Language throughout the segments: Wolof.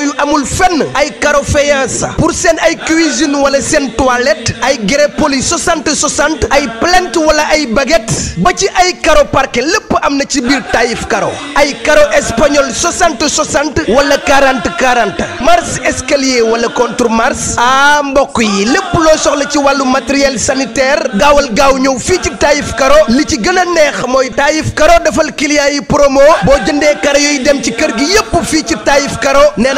yooyu amul fenn ay carreau faïence pour seen ay cuisine wala seen toilette ay grès poli 60 60 ay plinthe wala ay baguette ba ci ay carreau parquet lépp am na ci biir Taïf carreau ay carreau espagnol 60 60 wala 40 40 marche escalier wala contre marche ah mbokk yi lépp loo soxla ci wàllu matériel sanitaire gaawal gaaw ñëw fii ci Taïf carreau li ci gën a neex mooy Taïf carreau defal client yi promo boo jëndee carreau yooyu dem ci kër gi yépp fii ci Taïf carreau nee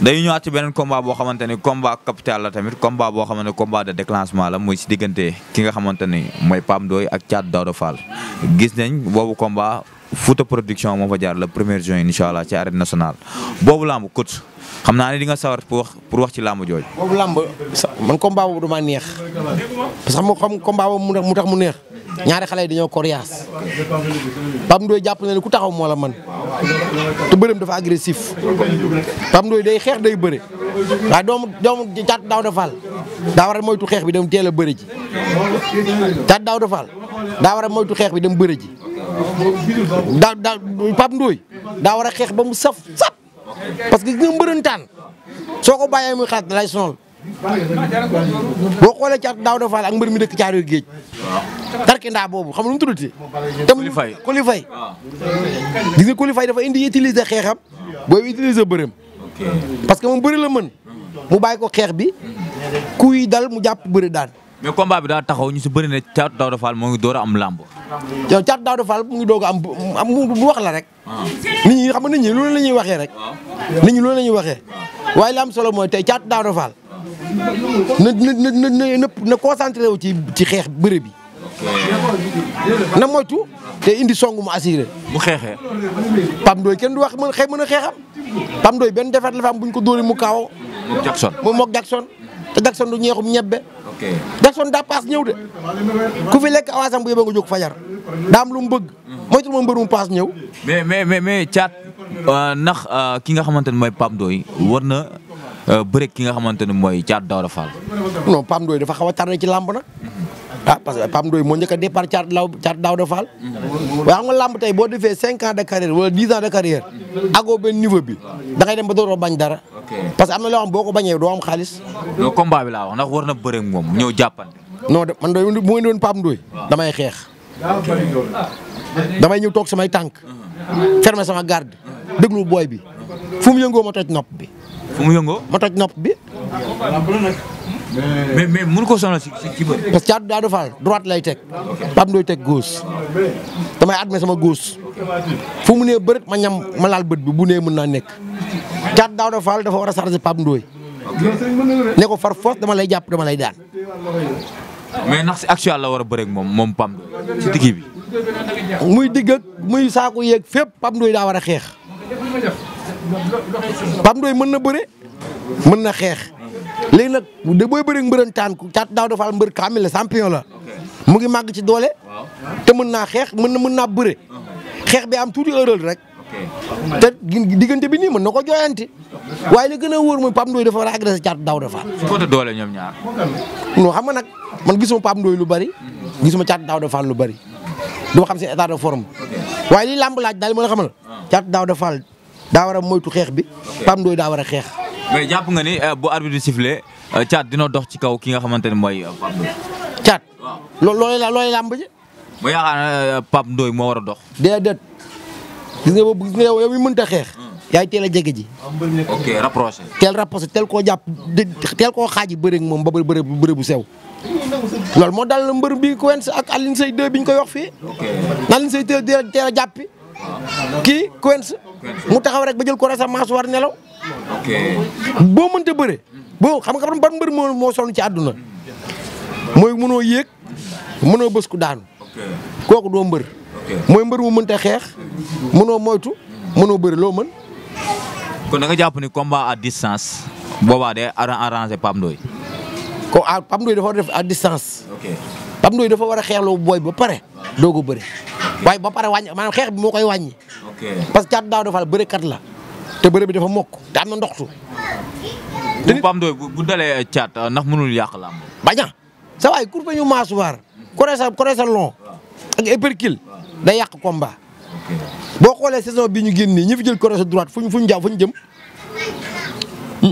dañu ñëwaat ci beneen combat boo xamante ni combat capital la tamit combat boo xamante ni combat de déclenchement la muy si diggante ki nga xamante ni mooy Pam Doy ak Thiat Daouda gis nañ boobu combat Fouta production moo fa jaar le premier juin incha ci arène nationale boobu làmb coach xam naa ne di sawar pour wax ci làmb jooju. boobu làmb man combat boobu damaa neex parce xam nga boobu mu tax mu neex. ñaari xale yi dañoo coriace Pape Ndoye jàpp na ku taxaw moo la man te bërëm dafa agressif Pape Ndoye day xeex day bëre waaye doomu doomu caat daaw dafal daa war a moytu xeex bi dem teel a bëre ji caat daaw dafal daa war a moytu xeex bi dem bëre ji daa daa Pape Ndoye daa war a xeex ba mu saf parce que nga mbërëntaan soo ko bàyyee muy xaas dalay boo xoolee caat daaw dafaal ak mbër mi dëkk caar yu géej tarkindaa boobu xam lu mu tuddati te Coly Faye gis dafa indi utiliser xeexam booy utiliser bërëm parce que moom bëri la mën mu bàyyi ko xeex bi mm-hmm. kuy dal mu jàpp bëri daan mais combat bi daa taxaw ñu si bëri ne Thiatou Daouda Fall moo ngi door a am làmb. yow Thiatou Daouda Fall mu ngi doog a am am la rek. nit ñi xam nga nit ñi loolu la ñuy waxee rek. nit ñi loolu la ñuy waxee. waaye li am solo mooy tey Thiatou Daouda Fall na na na na wu ci ci xeex bëre bi. na moytu te indi song mu mu xeexee. Pam dooy kenn du wax mën xëy mën a xeexam. Pam dooy benn defer la fa am bu ko dóoree mu kaawoo. moom Jackson moom moog Jackson. te Jackson du ñeexum ñebbe. ok Jackson daa paas ñëw de ku fi lekk awaasam bu yeboo nga jóg fajar daa lu mu bëgg. moytu ma mbërum paas ñëw. mais mais mais mais Thiat euh, ndax euh, ki nga xamante ne mooy Pape Ndoye war na euh, bëre ki nga xamante ne mooy Thiat Daouda Fall. non Pape Ndoye dafa xaw a tardé ci làmb na ah parce que Pape Ndoye moo njëkk a départ Thiat Law Thiat Daouda Fall. waaw xam nga làmb cinq ans de carrière wala dix ans de carrière agoo benn niveau bi da ngay dem ba dootoo bañ dara. parce que am na loo xam boo ko bañee doo am xaalis. non combat bi laa wax ndax war na bëre ak moom ñëw jàppante. non de man de bu ma indiwoon Pape Ndoye damay xeex. damay ñëw toog samay tànk. fermer sama garde déglu booy bi fu mu yëngoo ma toj nopp bi. fu mu yëngoo ma toj nopp bi. mais mais mënu ko sonal si si bëri. parce que Thiatou Daouda lay teg Pape Ndoye teg gauche damay admet sama gauche fu mu ne bërët ma ñam ma laal bët bi bu nee mën naa nekk Thiatou Daouda Fall dafa war a charger Pape Ndoye ne ko far force dama lay jàpp dama lay daan. mais ndax actuel la war a bëre moom moom Pape Ndoye si digg muy digg muy saako yeeg fépp Pape Ndoye daa war a xeex pam doy mën na bëre mën na xeex. léegi nag de booy bëri mbërëntaan ku caatu daaw dafa am mbër kaamil la champion la mu ngi màgg ci doole te mën naa xeex mën na mën naa bëre uh-huh. xeex bi am tuuti erreur rek te diggante bi nii mën na ko jooyanti waaye li gën a wóor mooy Pape Ndoye dafa war a agressé caatu daaw dafa su ko doole ñoom ñaar non xam nga nag man gisuma Pape Ndoye lu bëri mm-hmm. gisuma caatu daaw dafa lu bëri duma xam seen état de forme waaye lii làmb laaj daal ma la xamal ah. caatu daaw dafa daa moytu xeex bi pam Ndoye daa war a xeex mais japp nga ni eh, bu arbitre sifflé chat eh, dina dox ci kaw ki nga xamanteni moy chat eh, Pape Ndoye. la looy lamb ji. ma yaakaar ne Pape Ndoye moo war dox. dedet gis nga boobu gis nga yow yi mënta xex hmm. yaay teel a jege ji. ok rapproché. tel rapproché tel ko japp tel ko xaji bëreeg mom ba bëre bëre bu sew. loolu mo dal mbeur bi ko wens ak Alioune sey 2 biñ ko koy wax fii. ok Alioune Seye 2 teel jappi ki ko wens mu taxaw rek ba jël ko rek mars war nelaw bo boo mënta bo boo xam nga ban mbër moo mo sonn ci àdduna. mooy mënoo yéeg mënoo bës ku daanu. kooku doo mbër. mooy mbër mu mënta xeex mënoo moytu mënoo bëri loo mën. kon da nga jàpp ni combat à distance boobaa de arrangé Pape Ndoye. ko ah Pape dafa def à distance. ok Pape Ndoye dafa war a xeexloo booy ba pare doo ko bëri. waaye ba pare wàññi maanaam xeex bi moo koy wàññi. parce que caatu daaw dafa la bërekat la te bëre bi dafa mok da am na ndoxtu. bu PAM doy bu dalé chat euh, nak mënul yàq làmb. baña a sa way kur ba ñu maasuwaar. corée sa corée ak épercule. da yàq combat. bo xolé saison bi ñu génnee ñi fi jël corée droite fuñ fuñ jaaw fuñ jëm.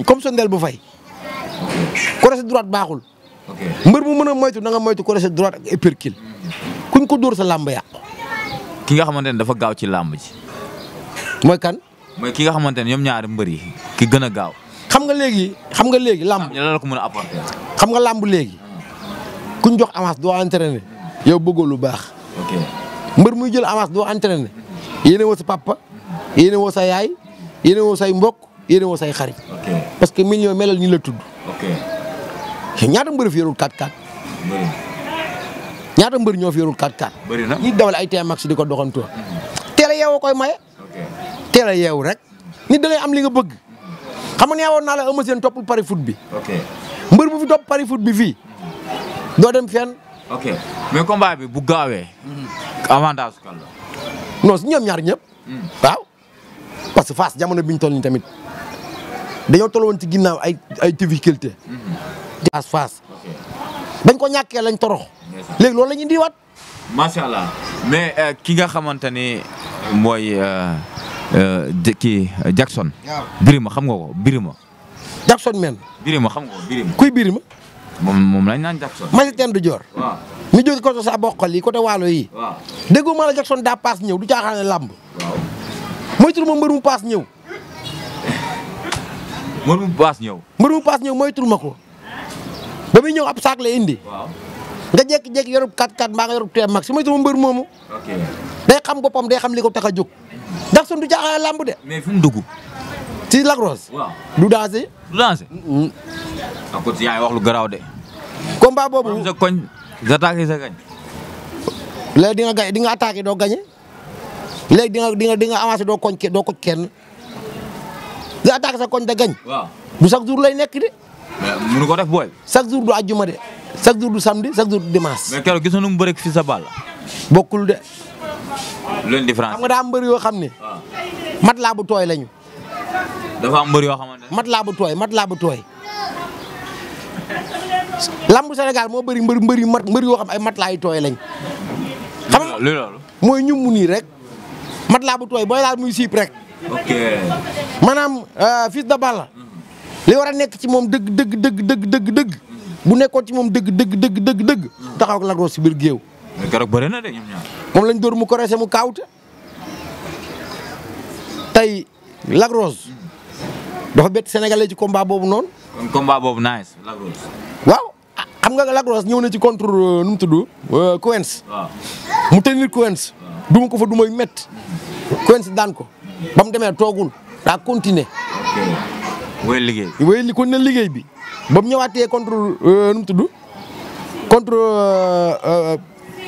comme sondel bu fay. corée droite baaxul. mbeur mu mën moytu da nga moytu corée droite ak épercule. kuñ ko dóor sa lamb ya ki nga xamantene dafa gaaw ci lamb ji. moy kan moy ki nga xamantene ñom ñoom ñaari mbër ki gëna gaaw. xam nga léegi xam nga léegi lamb ñu la ko mëna apporter. xam nga lamb léegi kuñ jox avance do entraîner yow bëggoo lu baax. ok mbeur muy jël avance do entraîner yene wo sa papa yene wo sa yaay yene wo say mbokk yene wo say xarit. parce que million melal ñi la tudd. ok ñaar mbeur fi yorul 4-4. ñaar mbeur ñoo fi yorul 4-4. bari na ñi dawal ay T-Max di ko doxantu. Mhm. teel a koy maye. teel rek am li nga bëgg xam nga neewoon naa la Eumeu Sène toppul pari foot bi. ok mbër bu fi topp pari foot bi fii doo dem fenn. mais combat bi bu gaawee. avantage kan la. non si ñoom ñaar ñëpp. Hmm. waaw parce que Fass jamono bi ñu toll nii tamit dañoo toll woon ci ginnaaw ay ay difficulté. Hmm. bañ ko ñàkkee lañ torox. léegi loolu la ñuy indiwaat. allah mais euh, ki nga xamante ni mooy. Euh, Eh, ki eh, Jackson. Birima xam nga ko Birima. Jackson men. Birima xam nga Birima. kuy Birima. mom mom lañ nane Jackson. Magicien du jor waaw mi jóge côté sa bokkal yi côté waalo yi. deggu déggoo la Jackson da pass ñew du caaxaane lamb moy tur ma mbër mu paas ñëw. mbër mu paas ñëw. mbër mu paas ñëw moytul ma ba ab sac la indi. nga jek jek yorub 4-4 ma nga yorub 3 max moy tur ma mbeur momu day xam bopam day xam liko taxajuk sun du jaaxal lamb de. mais fi duggu ci Lac Rose. waaw du danser du danser dansé. Ah, ko ci yaay wax lu graw de. combat bobu moom sa koñ sa taaki sa gañ lay di nga gañ di nga attaqué do gagné lay di nga di nga di nga avancer do koñ do ko kenn di attaqué sa koñ da gañ. waaw bu sax jour lay nek de. mënu ko def boy chaque jour du aljuma de chaque jour du samedi chaque jour du dimanche. mais kéro gisunu mu bëri fi sa bal. bokul de. lu leen différence xam nga yoo xam ne. Ah. mat laa bu tooy lañu. dafa am mbër yoo xamante ne. mat laa bu tooy mat laa bu tooy. lambu moo bëri mbër mbër yu mat mbër yoo xam ay mat laa yu tooy lañ. xam nga loolu mooy ñu mu nii rek. mat laa bu tooy booy laal muy siip rek. ok maanaam euh, Fils de Balla. li war a nekk ci moom dëgg dëgg dëgg bu nekkoon ci moom dëgg dëgg dëgg dëgg dëgg. taxaw ak Lac Rose si biir mais keroog na de moom lañ dóor mu corrigé mu kaawte tey Lac Rose dafa bett sénégalais ci combat boobu noonu. kon boobu nice Lac Rose. waaw xam nga Lac ñëw na ci contre euh, nu mu tudd. Coens. Euh, waaw mu tenir Coens. duma ko fa duma métti. Coens daan ko ba mu demee toogul daa continuer. ok liggéey. wéy li liggéey bi ba mu ñëwaatee contre euh, nu mu tudd contre.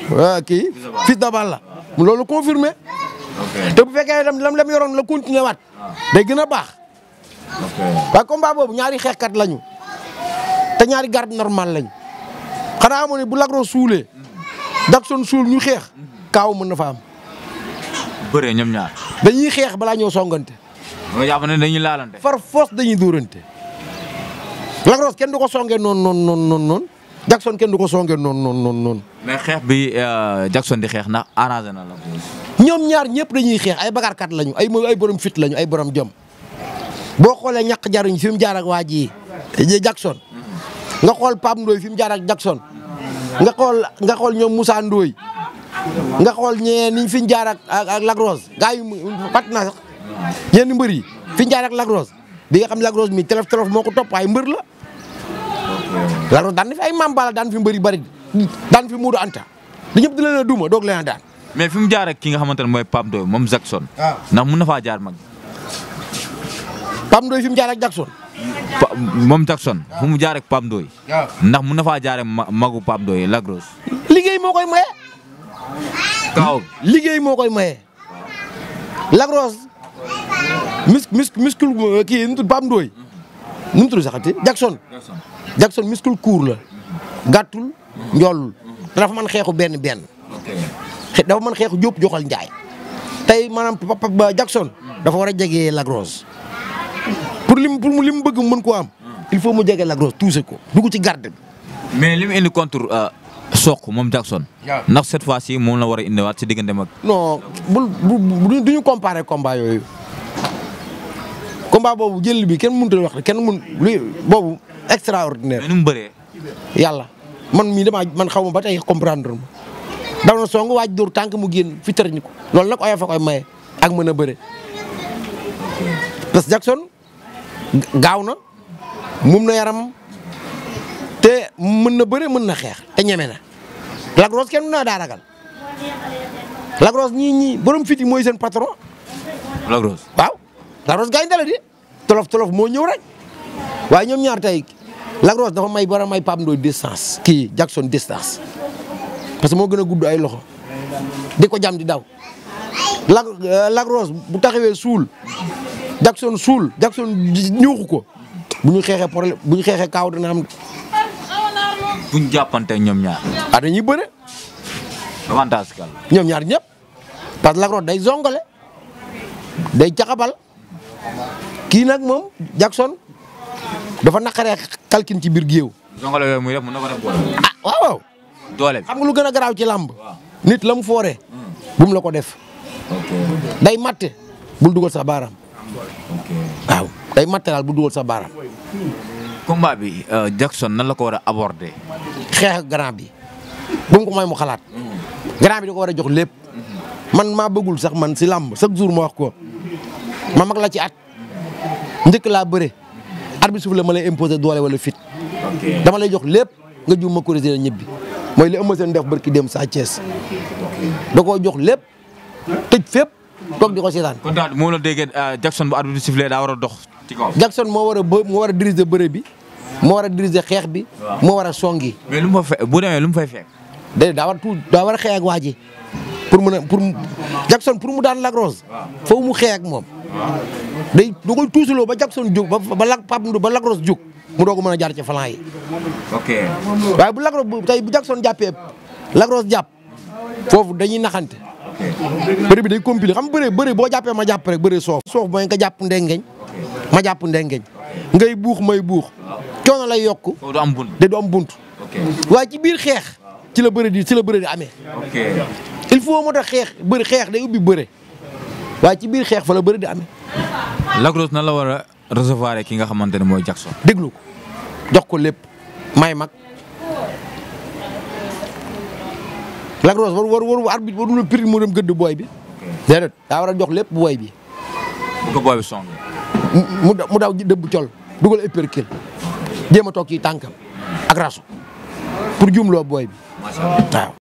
waaw ah, kii fils de Balla la loolu confirmé te bu fekkee tam lam lam yoroon la continué wat day gën a baax waaye combat boobu ñaari xeexkat lañu te ñaari garde normal lañu xanaa amoon ne bu lagro suulee Jackson suul ñu xeex kaaw mën na fa am bëree ñoom ñaar dañuy xeex balaa ñëw songante nga jàpp ne dañuy laalante far force dañuy dóorante lagros kenn du ko songee noonu noonu noonu noonu Jackson kenn du ko songee noonu noonu noonu noonu. mais xeex bi euh, Jackson di xeex ndax arrangé na la. ñoom ñaar ñëpp dañuy xeex ay bagarkat lañu ay ay borom fit lañu ay borom jom boo xoolee ñaq jariñ fi mu jaar ak waa ji eh, Jackson nga xool Pape Ndoye fi mu jaar ak Jackson nga xool nga xool ñoom Moussa Ndoye nga xool ñee niñ fi ñu jaar ak ak Lagrosse gars yi fàtt naa sax yenn mbër yi fi ñu jaar ak Lagrosse di nga xam Lagrosse mi telef telef moo ko topp ay mbër la. Lagrosse daan fi ay Mame Balla daan fi mbëri bari Anta di leen a duuma doog leen a daan. mais fi mu jaar ki nga xamante ne mooy Pape Ndoye moom Jackson. waaw ah. ndax mun na faa jaar mag. Pape Ndoye fi mu jaar ak Jackson. moom Jackson fu mu jaar ak Pape ah. ndax mun na faa jaar ak magu Pape Ndoye Lagrosse. liggéey moo koy maye. kaaw liggéey moo koy maye. Lagrosse mis mis miskul euh, kii Pape nu mu tudd saxati Jackson. Jackson muscle court la gàttul njool dafa mën xeexu benn benn dafa mën xeexu jóob joxal njaay tey maanaam papa Jackson dafa war a jege Lac Rose pour lim pour li mu bëgg mën koo am il faut mu jege Lac Rose tuuse ko dugg ci garde bi. mais li mu indi contre euh, soq moom Jackson. ndax cette fois ci moom la war a indiwaat ci diggante mag. non bul bu duñu comparé combat yooyu. combat boobu jël bi ken kenn mënut wax kenn mun luy boobu extraordinaire. mais nu yàlla man mii damaa man xaw ma ba tey comprendre ma daw na song waaj dóor tànk mu génn fi tër ñu ko loolu nag oyof fa koy maye ak mën a bëre. parce que Jackson gaaw na mum na yaram te mën na bëre mën na xeex te ñeme na Lac Rose kenn mën naa daa ragal Lac Rose ñii ñii borom fit yi mooy seen patron. Lac Rose waaw gaañ dala di. tolof tolof moo ñëw rek waaye ñoom ñaar tey Lac Rose dafa may war a may Pape Ndoye distance kii Jackson distance parce que moo gën a gudd ay loxo di ko jam di daw Lac euh, Lac Rose bu taxawee suul Jackson suul Jackson ñuuxu ko bu ñu xeexee problème bu ñu xeexee kaaw dina am. bu ñu jàppante ñoom ñaar. ah dañuy bëre. avantage kal ñoom ñaar ñëpp parce que Lac Rose day zongale day jaxabal kii nag moom Jackson dafa naqaree kalkin ci biir géew. zongale yooyu muy def mën ah, waaw waaw. doole nga lu gën a garaaw ci làmb. nit la mu foore. bu mu la ko def. day matte bul dugal sa baaraam. waaw day matte daal bul dugal sa baaraam. bi euh, Jackson nan la ko war a aborder. xeex grand bi bu mu may mu xalaat. Mm-hmm. grand bi da ko war a jox lépp. man maa bëggul sax man si làmb chaque jour ma wax ko ma mag la ci at. njëkk laa bëre arbitre suuf la ma lay imposer doole walla fit dama lay jox lépp nga juum ma corriger ñibbi mooy li ëmb seen def barki dem sa Thiès da koo jox lépp tëj fépp toog di ko seetaan. kon daal moo la déggee euh, Jackson bu arbitre suuf lee daa war a dox ci Jackson moo war a bë moo a diriger bëre bi moo war a diriger xeex bi. moo war a song yi. mais lu mu fa bu fay fekk. déedéet daa war a war a xeex ak waa ji pour mun a pour Jackson pour mu daan Lac Rose. mu xeex moom. day da koy tuusaloo ba Jackson jóg ba ba Lac Pape ba Lac Rose jóg mu doog mën a jaar ci flanc waaye bu Lac Rose tey bu Jackson jàppee Lac Rose jàpp foofu dañuy naxante. bëri bi day compliqué xam bëri bëri boo jàppee ma jàpp rek bëri soof. soof mooy nga jàpp ndengeñ ma jàpp ndengeñ ngay buux may buux coono lay yokk. du am bunt de du bunt. waaye ci biir xeex ci la bëri di ci la bëri di amee. il faut moo tax xeex bëri xeex day ubbi bëri. waaye ci biir xeex fa la bëri di amee. Lac Rose la war a recevoir ki nga xamante ne mooy Jackson. déglu ko jox ko lépp may mag Lac Rose war war waru arbitre waru na piri moo dem gëdd booy bi. déedéet daa war a jox lépp booy bi. bu ko bi mu mu daw dëbb col dugal uppercut jéem a toog ci tànkam ak rasu pour jumloo booy bi